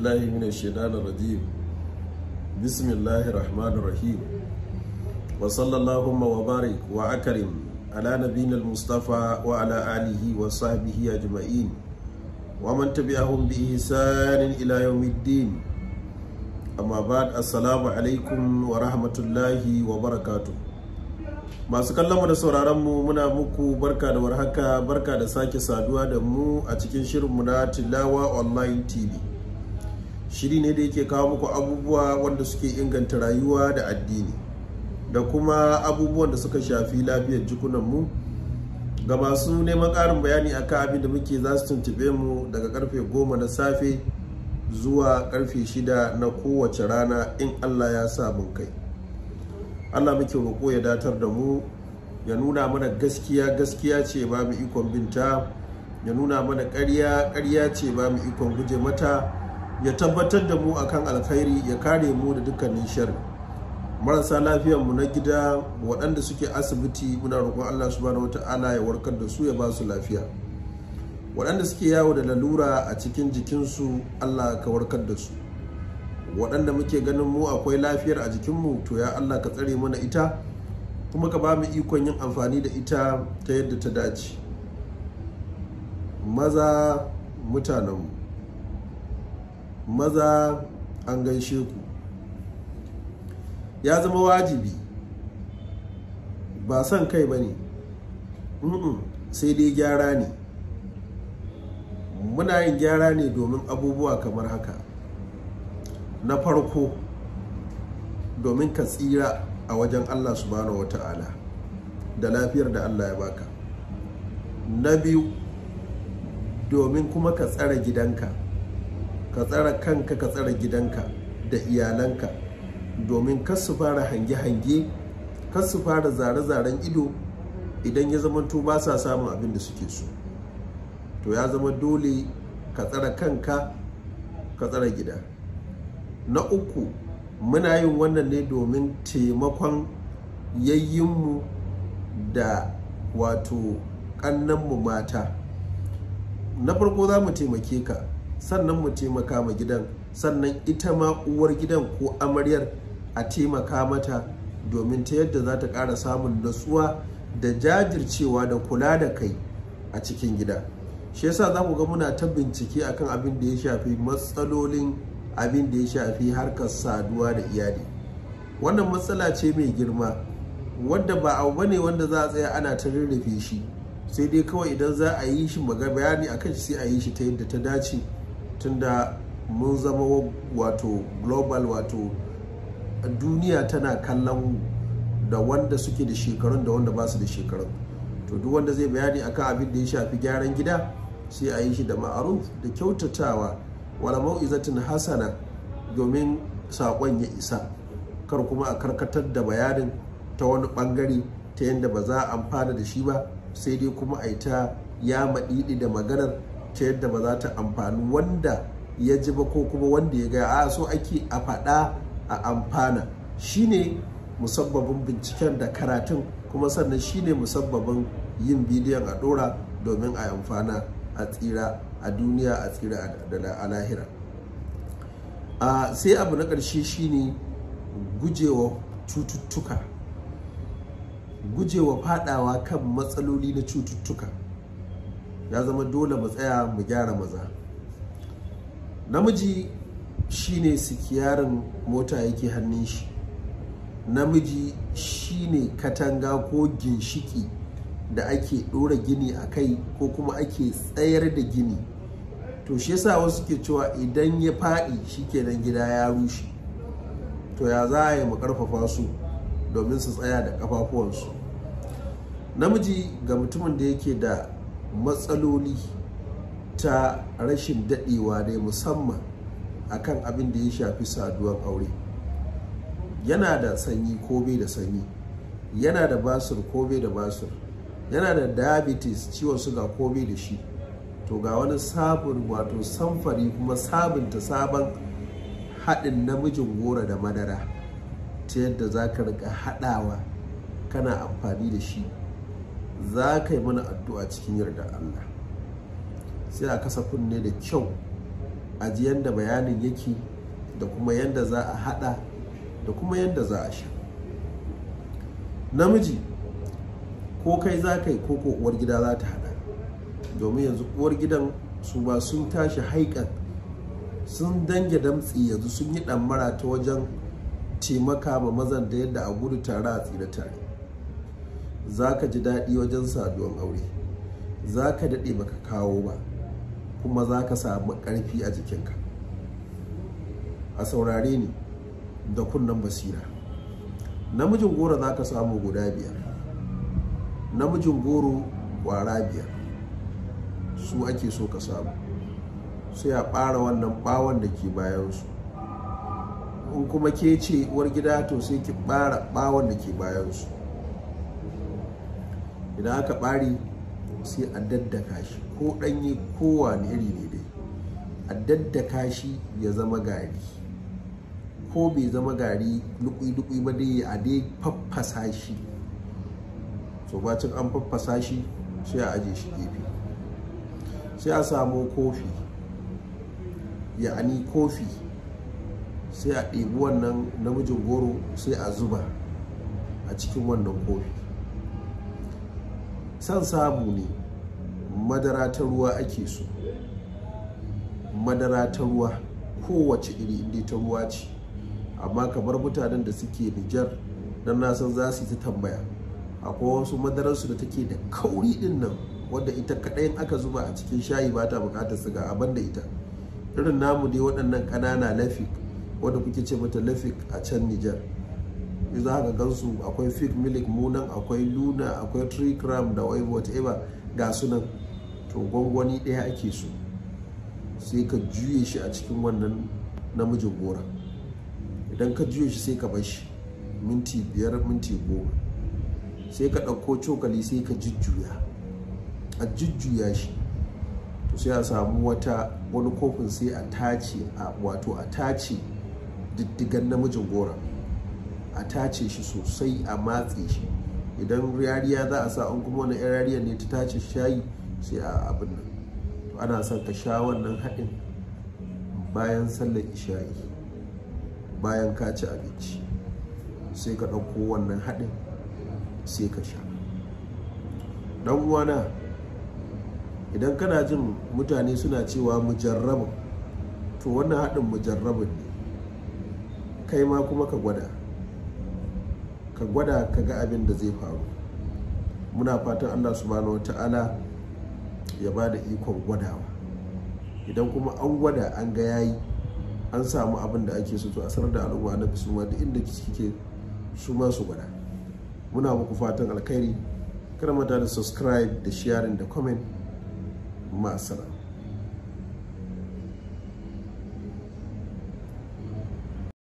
billahi min shaitanir rajim bismillahir rahmanir rahim wa sallallahu wa barik wa akrim ala nabiyina al-mustafa wa ala alihi wa sahbihi ajma'in wa man tabi'ahum bi ihsanin ila yawmiddin amma ba'd assalamu alaikum wa rahmatullahi wa barakatuh masu kallon da sauraron mu muna muku barka da warhaka barka da sake saduwa da mu a cikin shirin mu na tilawa online tv shiri ne da yake kawo muku abubuwa wanda suke inganta rayuwa da addini da kuma abubuwan da suka shafi lafiyar jikunanmu ga masu neman ƙarin bayani akan abin da muke za su tuntube mu daga karfe goma na safe zuwa karfe shida na kowace rana in allah ya sa mun kai allah muke roƙo ya datar da mu ya nuna mana gaskiya gaskiya ce ba mu ikon binta ya nuna mana karya? ƙarya ce ba mu ikon guje mata ya tabbatar da mu akan alkhairi ya kare mu da dukkanin shari marasa lafiyar na gida waɗanda suke asibiti muna roƙon Allah subhanahu wata'ala ya warkar da su ya ba su lafiya waɗanda suke yawo da lalura a cikin jikinsu Allah ka warkar da su waɗanda muke ganin mu akwai lafiyar a jikinmu to ya Allah ka tsare mana ita kuma ka ba mu ikon yin amfani da ita ta yadda ta dace maza mutanenmu maza an gaishe ku ya zama wajibi ba son kai ba ne sai dai gyara ne muna yin gyara ne domin abubuwa kamar haka na farko domin ka tsira a wajen allah subhanahu wa ta'ala da lafiyar da allah ya baka na biyu domin kuma ka tsara gidanka ka tsara kanka ka tsara gidanka da iyalanka domin kar su fara hange-hange kar su fara zare-zaren ido idan ya zamanto ba sa samun abin da suke so to ya zama dole ka tsara kanka ka tsara gida na uku muna yin wannan ne domin taimakon yayyinmu da wato ƙannanmu mata na farko za mu taimake ka sannan mu taimaka ma gidan sannan ita ma uwar gidan ko amaryar a taimaka mata domin ta yadda za ta ƙara samun natsuwa da jajircewa da kula da kai a cikin gida shi yasa za ku ga muna ta bincike akan abin da ya shafi matsalolin abin da ya shafi harkar saduwa da iyali wannan matsala ce mai girma wadda ba abu bane wanda za a tsaya ana ta rarrafe shi sai dai kawai idan za a yi shi bayani akan shi sai a yi shi ta yadda ta dace tunda mun zama wato global wato duniya tana kallon da wanda suke da shekarun da wanda basu da shekarun to duk wanda zai bayani akan abin da ya shafi gyaran gida sai a yi shi da ma'aruf da kyautatawa wala mau'izatin hasana domin saƙon ya isa kar kuma a karkatar da bayanin ta wani ɓangare ta yadda ba za a amfana da shi ba sai dai kuma a yi ta ya maɗiɗi da maganar ta yadda ba za ta amfani wanda ya ji ba ko kuma wanda ya gaya a so ake a faɗa a amfana shine musabbabin binciken da karatun kuma sannan shine musabbabin yin bidiyon a ɗora domin a amfana a tsira a duniya a tsira a lahira sai abu na ƙarshe shine gujewa cututtuka gujewa fadawa kan matsaloli na cututtuka ya zama dole mu tsaya mu gyara maza namiji shine sikiyarin mota yake hannun shi namiji shine katanga ko ginshiki da ake ɗora gini a kai ko kuma ake tsayar da gini to shi yasa wasu ke cewa idan ya faɗi shikenan gida ya rushe to ya za a yi mu karfafa su domin su tsaya da ƙafafuwansu namiji ga mutumin da yake da matsaloli ta rashin daɗewa ne musamman akan abin da ya shafi saduwar aure yana da sanyi ko bai da sanyi yana da basur ko bai da basur yana da diabetes ciwon suga ko bai da shi to ga wani sabon wato samfari kuma sabunta sabon haɗin namijin goro da madara ta yadda za ka riƙa haɗawa kana amfani da shi za ka yi mana addu'a cikin yarda Allah sai a kasa kunne da kyau a ji yadda bayanin yake da kuma yadda za a hada da kuma yadda za a sha namiji ko kai za ka yi ko uwar gida za ta hada domin yanzu uwar gidan su ba sun tashi haikan sun dange damtsi yanzu sun yi ɗammara ta wajen taimaka ma mazan da yadda a gudu tare a tsira tare za ka ji daɗi wajen saduwan aure za ka daɗe baka kawo ba kuma za ka samu ƙarfi a jikinka a saurare ni da kunnen basira namijin goro za ka samu guda biyar namijin goro ƙwara biyar su ake so ka samu sai a ɓara wannan ɓawon da ke bayansu in kuma ke ce uwar gida to sai ki ɓara ɓawon da ke bayansu idan aka ɓari sai a daddaka shi ko kowa ne iri ne dai a daddaka shi ya zama gari ko bai zama gari lukui-lukui ba dai a dai faffasa shi so bacin an faffasa shi sai a aje shi gefe sai a samu kofi ya'ani kofi sai a ɗebi wannan namijin goro sai a zuba a cikin wannan kofi san samu ne madara ta ruwa ake so madara ta ruwa kowace iri inda ta ruwa ce amma kamar mutanen da suke nijar don na san za su yi ta tambaya akwai wasu madararsu da take da kauri din nan wadda ita kaɗai aka zuba a cikin shayi ba ta bukatar siga abin da ita irin namu dai waɗannan ƙanana lafik wadda kuke ce mata lafik a can nijar za ka gansu akwai fig milik munan akwai luna akwai trigram da wai whatever ga sunan to gwangwani daya ake su sai ka juye shi a cikin wannan namijin gora idan ka juye shi sai ka bar shi minti biyar minti goma sai ka ɗauko cokali sai ka jujjuya a jujjuya shi to sai a samu wata wani kofin sai a tace a wato a tace diddigan namijin gora a tace shi sosai a matse shi idan rariya za a sa an kuma wani rariya ne ta tace shayi sai a abin nan ana son ka sha wannan haɗin bayan sallar isha'i bayan ka ci abinci sai ka ɗauko wannan haɗin sai ka sha ɗan uwana idan kana jin mutane suna cewa mujarrabin to wannan haɗin mujarrabin ne kai ma kuma ka gwada ka gwada ka ga abin da zai faru muna fatan allah subhanahu ta'ala ya ba da ikon gwadawa idan kuma an gwada an ga yayi an samu abin da ake so to a sanar da al'umma na su ma da inda kike su ma su gwada muna muku fatan alkhairi kada mata da subscribe da sharing da comment masana